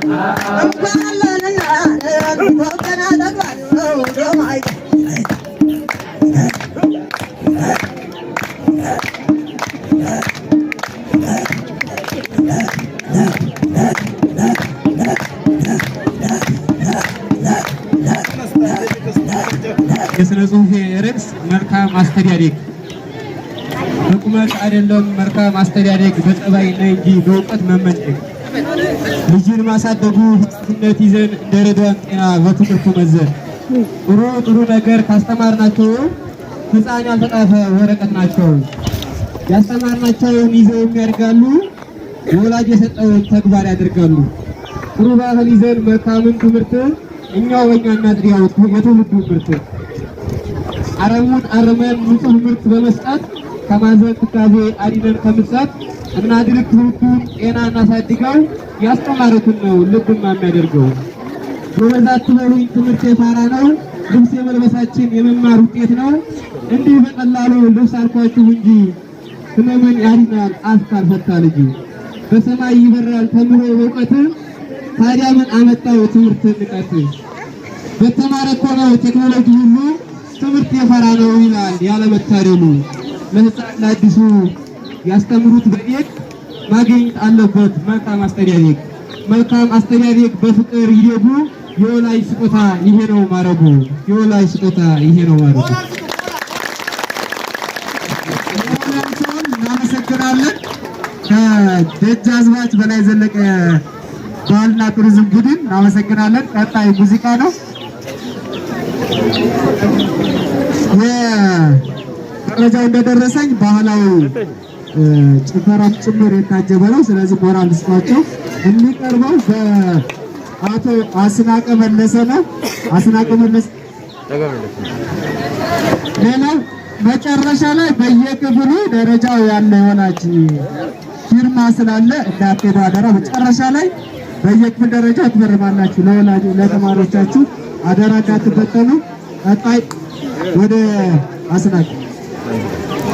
የሥነ ጽሑፍ ርዕስ መልካም አስተዳደግ። በቁመት አይደለም መልካም አስተዳደግ በጸባይ ላይ እንጂ በእውቀት መመንደግ ልጅን ማሳደጉ ህነት ይዘን እንደረዳን ጤና በትምህርቱ መዘን ጥሩ ጥሩ ነገር ካስተማርናቸው ህፃን ያልተጣፈ ወረቀት ናቸው። ያስተማርናቸውን ይዘው የሚያድጋሉ። ወላጅ የሰጠውን ተግባር ያደርጋሉ። ጥሩ ባህል ይዘን መልካምን ትምህርት እኛው በእኛ እናድርያው የትውልዱ ምርት አረሙን አርመን ንጹህ ምርት በመስጠት ከማዘን ትካዜ አዲነን ከምሳት እናድርግ ትውልዱን ጤና እናሳድገው። ያስተማሩትን ነው ልብማ የሚያደርገው ጎበዛት በሉኝ ትምህርት የፋራ ነው። ልብስ የመልበሳችን የመማር ውጤት ነው። እንዲህ በቀላሉ ልብስ አልኳችሁ እንጂ ስለምን ያድናል አስካር ፈታ ልጅ በሰማይ ይበራል ተምሮ እውቀት ታዲያ ምን አመጣው ትምህርት ንቀት በተማረ እኮ ነው ቴክኖሎጂ ሁሉ ትምህርት የፈራ ነው ይላል ያለመታደሉ ለህፃን ለአዲሱ ያስተምሩት በዴግ ማግኘት አለበት። መልካም አስተዳደግ መልካም አስተዳደግ በፍቅር ይደጉ። የወላጅ ስጦታ ይሄ ነው ማረጉ። የወላጅ ስጦታ ይሄ ነው ማረጉ። እናመሰግናለን። ከደጃዝማች በላይ ዘለቀ ባህልና ቱሪዝም ቡድን እናመሰግናለን። ቀጣይ ሙዚቃ ነው። መረጃ እንደደረሰኝ ባህላዊ ጭፈራ ጭምር የታጀበ ነው። ስለዚህ ሞራል ስጧቸው። የሚቀርበው በአቶ አስናቀ መለሰ ነው። አስናቀ መለሰ። ሌላ መጨረሻ ላይ በየክፍሉ ደረጃው ያለ የሆናች ፊርማ ስላለ እንዳትሄዱ አደራ። መጨረሻ ላይ በየክፍል ደረጃ ትፈርማላችሁ። ለወላጅ ለተማሪዎቻችሁ አደራ እንዳትበጠኑ። ቀጣይ ወደ አስናቀ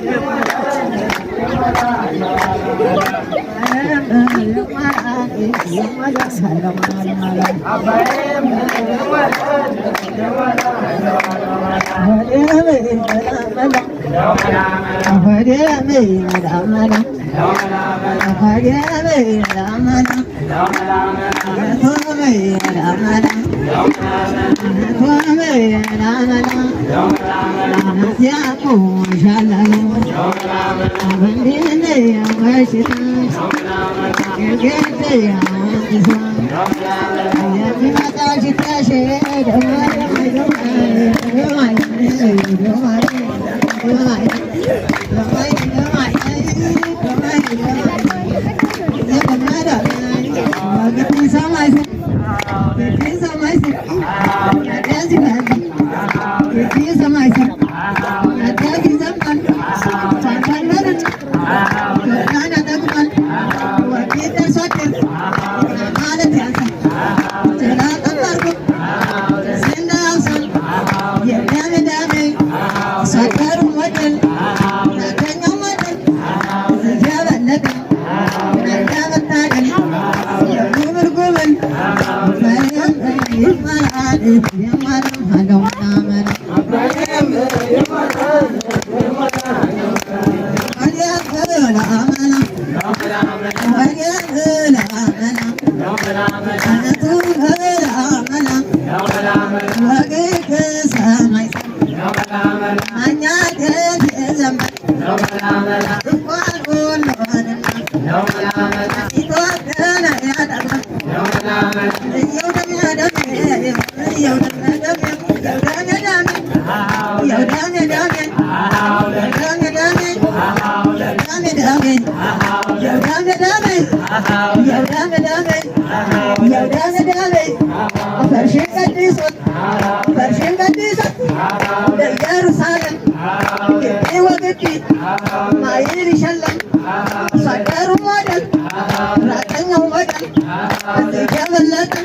Thank you. lumaan, hindi wala sa laman malam. Abay, lumaan, hindi wala sa laman malam. Abay, lumaan, Thank you. Precisa mais. Precisa mais. Amen. ያውዳመዳመኝ ያውዳመዳመኝ ፈርሽን ቀድሶት ፈርሽን ቀድሶት ለኢየሩሳሌም ግቢ ወግቢ ማይል ይሸለም ሰገሩ ወደል ራቀኛው ወደል እዚህ የበለጥን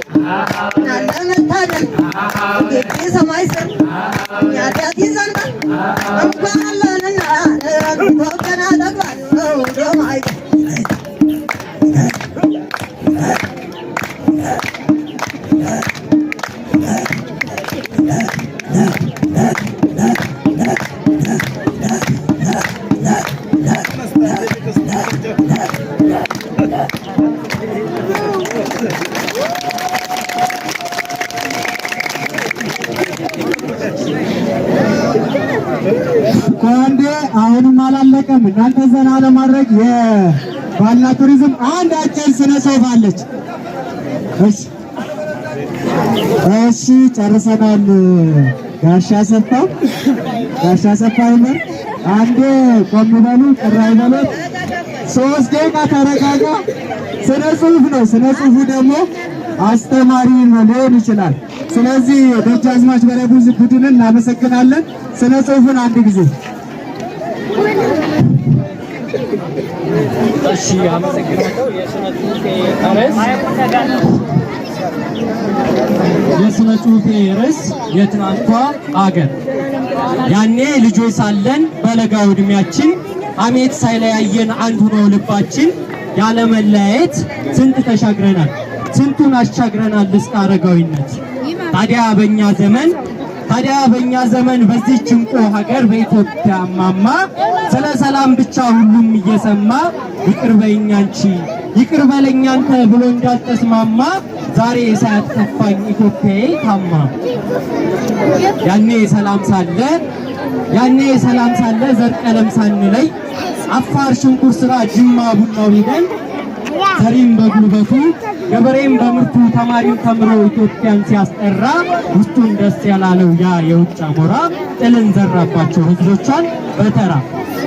ያለመታደል ግቢ ሰማይ ስር ያዳት ይዘናል እንኳን ለንና ተወቀና ተግባል ከወንዴ አሁንም አላለቀም። እናንተ ዘና ለማድረግ የባልና ቱሪዝም አንድ አጭር ስነ ጽሁፍ አለች። እሺ ጨርሰናል። ጋሻ ሰፋ ጋሻ ሰፋ ይመር አንዴ ቆም በሉ ጥራ ይበሉት። ሶስት ደቂቃ ተረጋጋ። ስነ ጽሁፍ ነው። ስነ ጽሁፉ ደግሞ አስተማሪ ሊሆን ይችላል። ስለዚህ ደጃዝማች በላይ ቡድንን እናመሰግናለን። ስነ ጽሁፍን አንድ ጊዜ እሺ፣ አመሰግናለሁ። የስነ ጽሁፌ ርዕስ የትናንቷ አገር ያኔ ልጆች ሳለን በለጋው እድሜያችን አሜት ሳይለያየን አንድ ሆኖ ልባችን ያለመለያየት ስንት ተሻግረናል፣ ስንቱን አሻግረናል እስከ አረጋዊነት። ታዲያ በእኛ ዘመን ታዲያ በእኛ ዘመን በዚህ እንቁ ሀገር በኢትዮጵያ ማማ ስለ ሰላም ብቻ ሁሉም እየሰማ ይቅር በይኝ አንቺ ይቅር በለኝ አንተ ብሎ እንዳልተስማማ ዛሬ የሰዓት ከፋኝ ኢትዮጵያ ታማ ያኔ ሰላም ሳለ ያኔ ሰላም ሳለ ዘር ቀለም ሳንለይ አፋር ሽንኩር ስራ ጅማ ቡና ቢደን ሰሪም በጉልበቱ ገበሬም በምርቱ ተማሪም ተምሮ ኢትዮጵያን ሲያስጠራ ውስጡን ደስ ያላለው ያ የውጭ አሞራ ጥልን ዘራባቸው ህዝቦቿን በተራ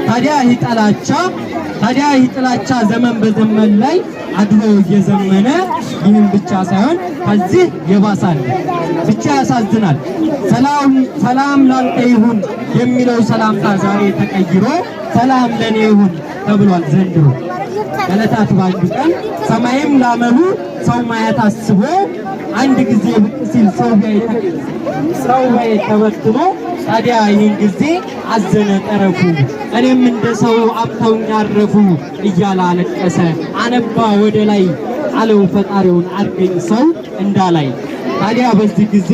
ታዲያ ይህ ጠላቻ ታዲያ ይህ ጥላቻ ዘመን በዘመን ላይ አድሮ እየዘመነ ይህን ብቻ ሳይሆን ከዚህ የባሳል። ብቻ ያሳዝናል። ሰላም ሰላም ላንተ ይሁን የሚለው ሰላምታ ዛሬ ተቀይሮ ሰላም ለእኔ ይሁን ተብሏል። ዘንድሮ ከዕለታት ባንዱ ቀን ሰማይም ላመሉ ሰው ማየት አስቦ አንድ ጊዜ ብቅ ሲል ሰው ተመትኖ ታዲያ ይህን ጊዜ አዘነ ጠረፉ፣ እኔም እንደ ሰው አብተውኝ አረፉ እያለ አለቀሰ አነባ ወደ ላይ አለው ፈጣሪውን አድገኝ ሰው እንዳላይ። ታዲያ በዚህ ጊዜ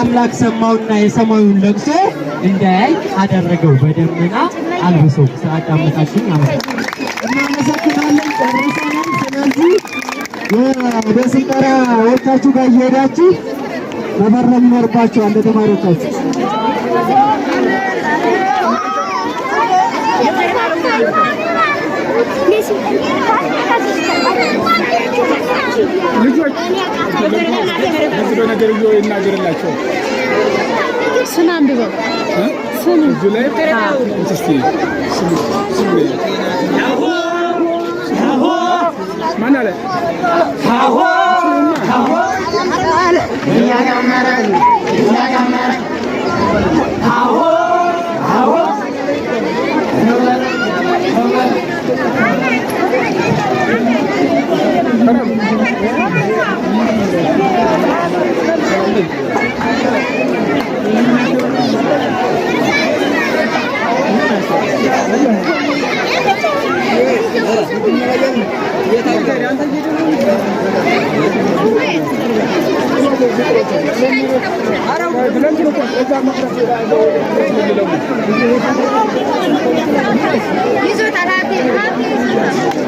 አምላክ ሰማውና የሰማዩን ለቅሶ እንዳያይ አደረገው በደመና አልብሶ። ስላዳመጣችሁኝ እናመሰግናለን። ጨርሰናል። ስለዚህ ወደ ስልጠና ወታችሁ ጋር እየሄዳችሁ መፈረም ይኖርባችኋል ለተማሪዎቻችሁ ልጆች እዚህ በነገርዮ ይናገርላቸው ስም አንብበው ስም እጁ ላይ እንትስቲ ስም ስም ማን አለ ሀሆ ሀሆ አለ እኛ ጋር መረን እኛ ጋር መረን 喝。